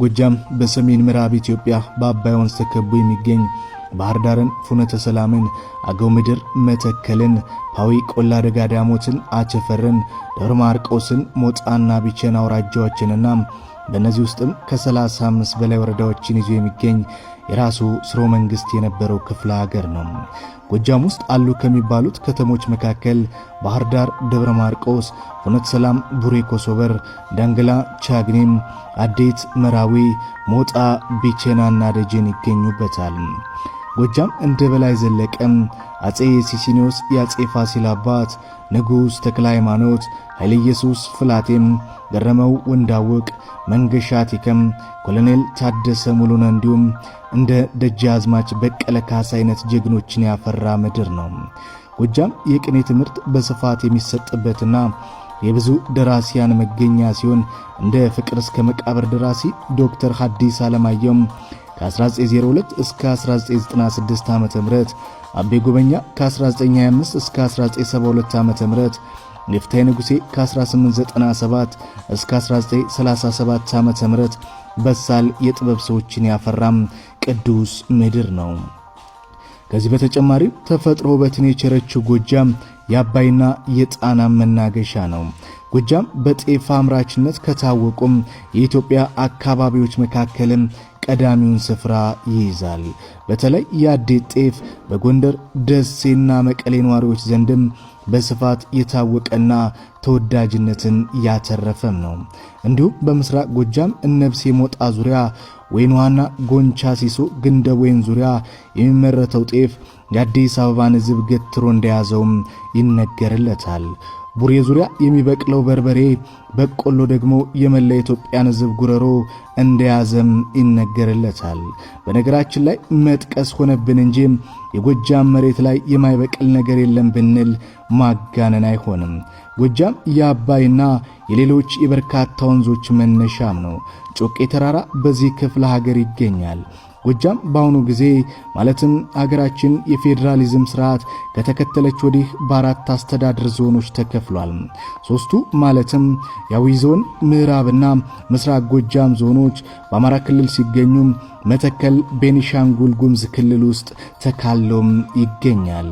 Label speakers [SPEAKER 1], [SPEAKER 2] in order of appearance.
[SPEAKER 1] ጎጃም በሰሜን ምዕራብ ኢትዮጵያ በአባይ ወንዝ ተከቦ የሚገኝ ባህር ዳርን፣ ፉነተ ሰላምን፣ አገው ምድር፣ መተከልን፣ ፓዊ ቆላ ደጋዳሞትን፣ አቸፈርን፣ ደብረ ማርቆስን፣ ሞጣና ቢቸን አውራጃዎችንና በእነዚህ ውስጥም ከ35 በላይ ወረዳዎችን ይዞ የሚገኝ የራሱ ስሮ መንግሥት የነበረው ክፍለ ሀገር ነው። ጎጃም ውስጥ አሉ ከሚባሉት ከተሞች መካከል ባህር ዳር፣ ደብረ ማርቆስ፣ ፍኖተ ሰላም፣ ቡሬ፣ ኮሶበር፣ ዳንግላ፣ ቻግኔም፣ አዴት፣ መራዊ፣ ሞጣ፣ ቢቸናና ደጀን ይገኙበታል። ጎጃም እንደ በላይ ዘለቀም አፄ ሲሲኒዮስ የአጼ ፋሲል አባት ንጉሥ ተክለ ሃይማኖት ኃይለ ኢየሱስ ፍላቴም ገረመው ወንዳውቅ መንገሻ ቲከም ኮሎኔል ታደሰ ሙሉነ እንዲሁም እንደ ደጃዝማች በቀለ ካሳ አይነት ጀግኖችን ያፈራ ምድር ነው። ጎጃም የቅኔ ትምህርት በስፋት የሚሰጥበትና የብዙ ደራሲያን መገኛ ሲሆን እንደ ፍቅር እስከ መቃብር ደራሲ ዶክተር ሐዲስ ዓለማየሁም ከ1902 እስከ 1996 ዓ.ም አቤ ጉበኛ ከ1925 እስከ 1972 ዓ.ም ይፍታይ ንጉሴ ከ1897 እስከ 1937 ዓ.ም በሳል የጥበብ ሰዎችን ያፈራም ቅዱስ ምድር ነው። ከዚህ በተጨማሪ ተፈጥሮ ውበትን የቸረችው ጎጃም የአባይና የጣና መናገሻ ነው። ጎጃም በጤፍ አምራችነት ከታወቁም የኢትዮጵያ አካባቢዎች መካከልም ቀዳሚውን ስፍራ ይይዛል። በተለይ የአዴት ጤፍ በጎንደር ደሴና መቀሌ ነዋሪዎች ዘንድም በስፋት የታወቀና ተወዳጅነትን ያተረፈም ነው። እንዲሁም በምስራቅ ጎጃም እነብሴ ሞጣ ዙሪያ ወይንዋና ጎንቻ ሲሶ ግንደ ወይን ዙሪያ የሚመረተው ጤፍ የአዲስ አበባን ሕዝብ ገትሮ እንደያዘውም ይነገርለታል። ቡሬ ዙሪያ የሚበቅለው በርበሬ፣ በቆሎ ደግሞ የመላ ኢትዮጵያን ሕዝብ ጉረሮ እንደያዘም ይነገርለታል። በነገራችን ላይ መጥቀስ ሆነብን እንጂ የጎጃም መሬት ላይ የማይበቅል ነገር የለም ብንል ማጋነን አይሆንም። ጎጃም የአባይና የሌሎች የበርካታ ወንዞች መነሻም ነው። ጮቄ ተራራ በዚህ ክፍለ ሀገር ይገኛል። ጎጃም በአሁኑ ጊዜ ማለትም አገራችን የፌዴራሊዝም ስርዓት ከተከተለች ወዲህ በአራት አስተዳደር ዞኖች ተከፍሏል። ሶስቱ ማለትም የአዊ ዞን፣ ምዕራብና ምስራቅ ጎጃም ዞኖች በአማራ ክልል ሲገኙ መተከል ቤኒሻንጉል ጉምዝ ክልል ውስጥ ተካሎም ይገኛል።